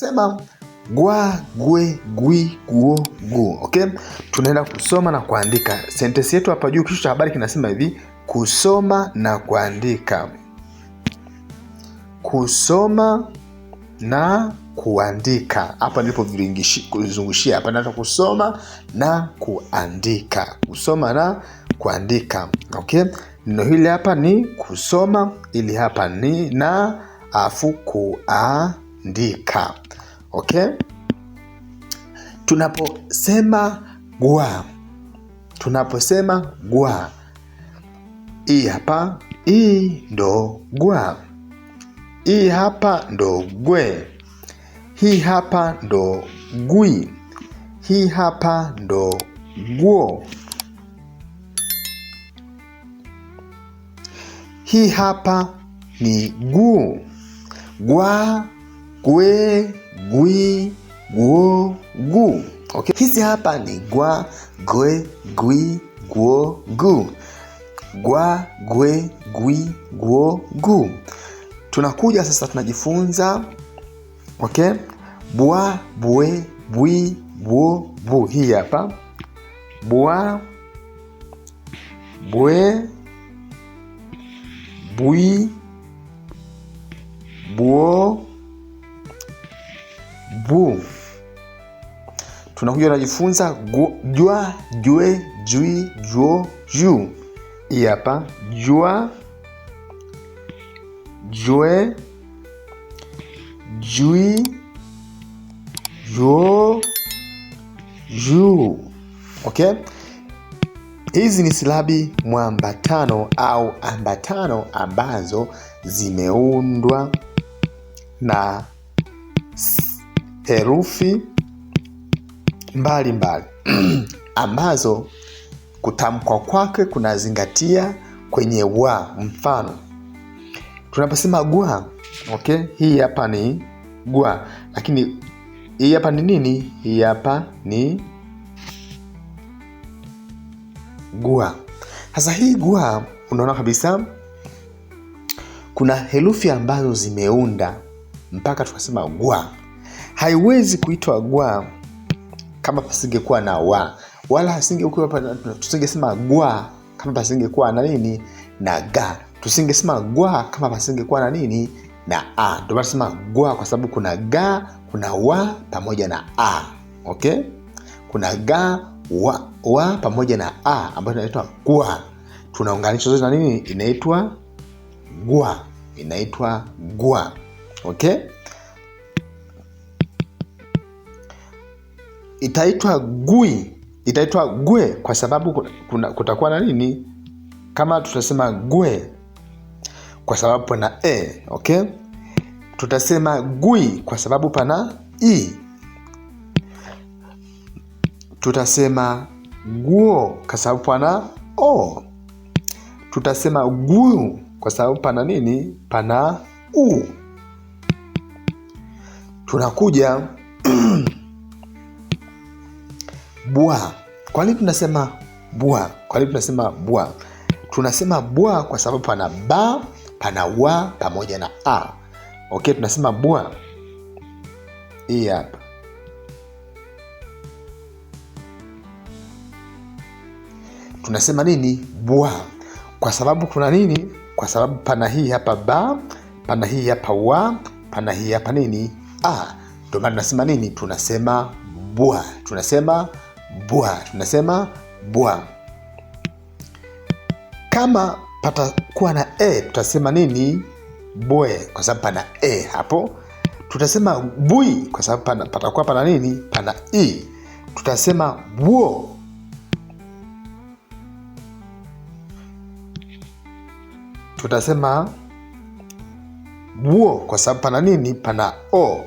Sema gwa gwe gwi guo gu. Okay, tunaenda kusoma na kuandika sentensi yetu hapa juu. Kichwa cha habari kinasema hivi: kusoma na kuandika. Kusoma na kuandika, hapa ndipo kuzungushia hapa, nata kusoma na kuandika, kusoma na kuandika. Okay, neno hili hapa ni kusoma, ili hapa ni na afu kuandika okay? Tunaposema gwa, tunaposema gwa, hii hapa, hii ndo gwa, hii hapa ndo gwe, hii hapa ndo gwi, hii hapa ndo guo hii hapa ni guu, gwa gwe, gwi, guo, gu. Okay? Hizi hapa ni gwa, gwe, gwi, guo, gu. Gwa, gwe, gwi, guo, gu. Tunakuja sasa tunajifunza okay? Bwa, bwe, bwi, buo, bu. Hii hapa bwa, bwe, bwi, buo bu, bu tunakuja unajifunza jua jue jui juo ju hii hapa jua jue jui juo juu okay hizi ni silabi mwambatano au ambatano ambazo zimeundwa na herufi mbalimbali ambazo kutamkwa kwake kunazingatia kwenye wa. Mfano, tunaposema gwa, okay, hii hapa ni gwa, lakini hii hapa ni nini? Hii hapa ni gwa. Sasa hii gwa, unaona kabisa kuna herufi ambazo zimeunda mpaka tukasema gwa haiwezi kuitwa gwa kama pasingekuwa na wa wala hasingekuwa tusingesema gwa kama pasingekuwa na nini na ga tusingesema gwa kama pasingekuwa na nini na a ndio maana tunasema gwa kwa sababu kuna ga kuna wa pamoja na a okay kuna ga wa, wa pamoja na a ambayo inaitwa gwa tunaunganisha zote na nini inaitwa gwa inaitwa gwa okay itaitwa gui itaitwa gwe kwa sababu kuna, kutakuwa na nini kama tutasema gwe kwa sababu pana e okay tutasema gui kwa sababu pana i tutasema guo kwa sababu pana o tutasema guu kwa sababu pana nini pana u tunakuja bwa. Kwa nini tunasema bwa? Kwa nini tunasema bwa? Tunasema bwa kwa sababu pana ba, pana wa pamoja na a. Okay, tunasema bwa. Hii hapa tunasema nini? Bwa kwa sababu kuna nini? Kwa sababu pana hii hapa ba, pana hii hapa wa, pana hii hapa nini a. Ndio maana tunasema nini? Tunasema bwa, tunasema bwa, tunasema bwa. Kama patakuwa na e, tutasema nini? Bwe, kwa sababu pana e hapo. Tutasema bui, kwa sababu patakuwa pana nini? Pana i. Tutasema bwo. Tutasema buo kwa sababu pana nini? Pana o.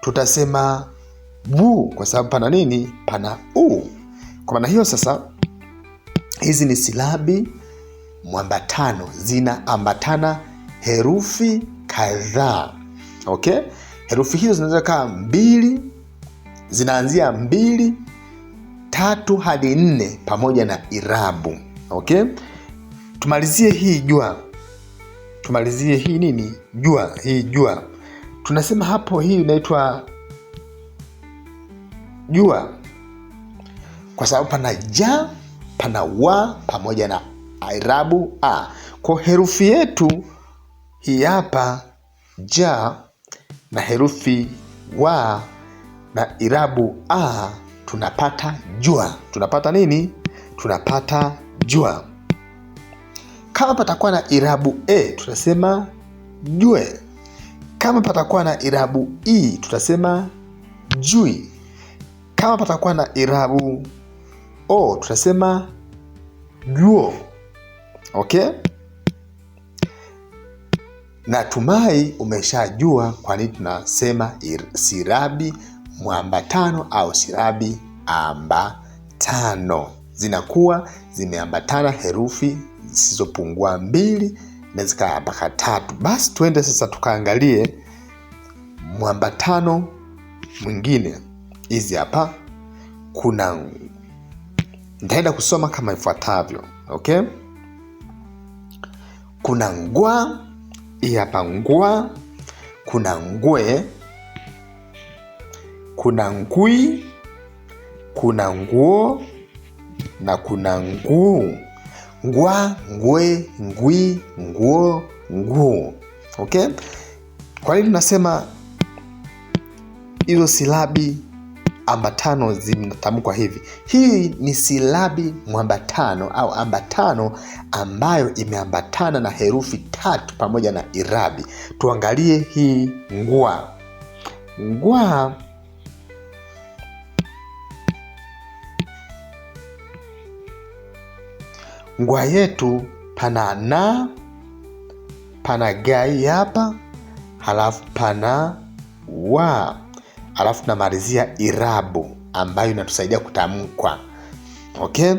Tutasema bu, kwa sababu pana nini? Pana u. Kwa maana hiyo sasa, hizi ni silabi mwambatano, zinaambatana herufi kadhaa. Okay, herufi hizo zinaweza kaa mbili, zinaanzia mbili, tatu hadi nne, pamoja na irabu. Okay, tumalizie hii jua tumalizie hii nini, jua hii jua, tunasema hapo, hii inaitwa jua, kwa sababu pana ja pana wa pamoja na irabu a. Kwa herufi yetu hii hapa ja na herufi wa na irabu a, tunapata jua. Tunapata nini? Tunapata jua. Kama patakuwa na irabu e, tutasema jue. Kama patakuwa na irabu i, tutasema jui. Kama patakuwa na irabu o, tutasema juo. Okay, natumai umeshajua kwa nini tunasema silabi mwambatano au silabi ambatano. Zinakuwa zimeambatana herufi zisizopungua mbili na zikaa mpaka tatu. Basi tuende sasa tukaangalie mwambatano mwingine hizi hapa kuna nitaenda kusoma kama ifuatavyo okay kuna ngwa hii hapa ngwa kuna ngwe kuna ngui kuna nguo na kuna nguu ngwa ngwe ngwi nguo nguu okay kwa hili tunasema hizo silabi ambatano zinatamkwa hivi. Hii ni silabi mwambatano au ambatano ambayo imeambatana na herufi tatu pamoja na irabi. Tuangalie hii ngwa. Ngwa ngwa yetu pana na, pana gai hapa, halafu pana wa alafu tunamalizia irabu ambayo inatusaidia kutamkwa okay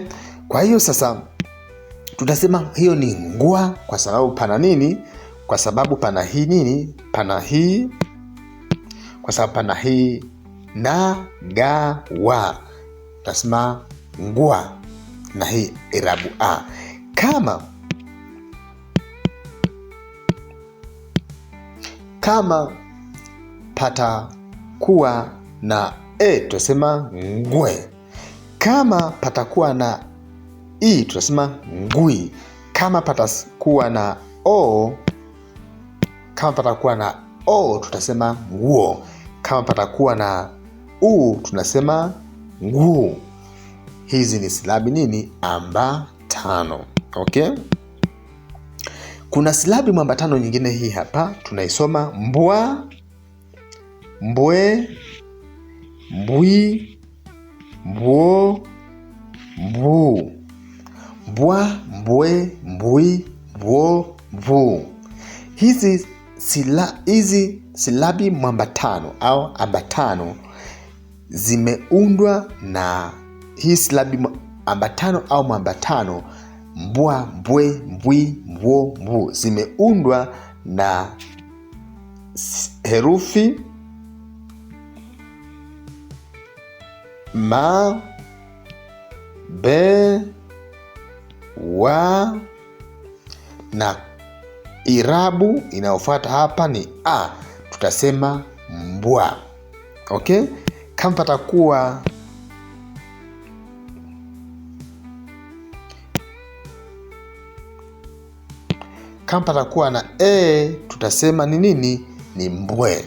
kwa hiyo sasa tutasema hiyo ni ngwa kwa sababu pana nini kwa sababu pana hii nini pana hii kwa sababu pana hii na gawa tutasema ngwa na hii irabu a kama kama pata kuwa na e, eh, tunasema ngwe. Kama patakuwa na i, tunasema ngwi. Kama patakuwa na o, kama patakuwa na o, tutasema nguo. Kama patakuwa na u, tunasema nguu. Hizi ni silabi nini? Ambatano. Okay, kuna silabi mwambatano nyingine hii hapa tunaisoma mbwa mbwe, mbwi, mbwo, mbwu, mbwa, mbwe, mbwi, mbwo, mbvu. Hizi sila, hizi silabi mwambatano au ambatano zimeundwa na hii silabi ambatano au mwambatano mbwa, mbwe, mbwi, mbwo, mbvu zimeundwa na herufi ma be wa na irabu inayofuata hapa ni a, tutasema mbwa. Okay, kama patakuwa kama patakuwa na e, tutasema ni nini? Ni mbwe.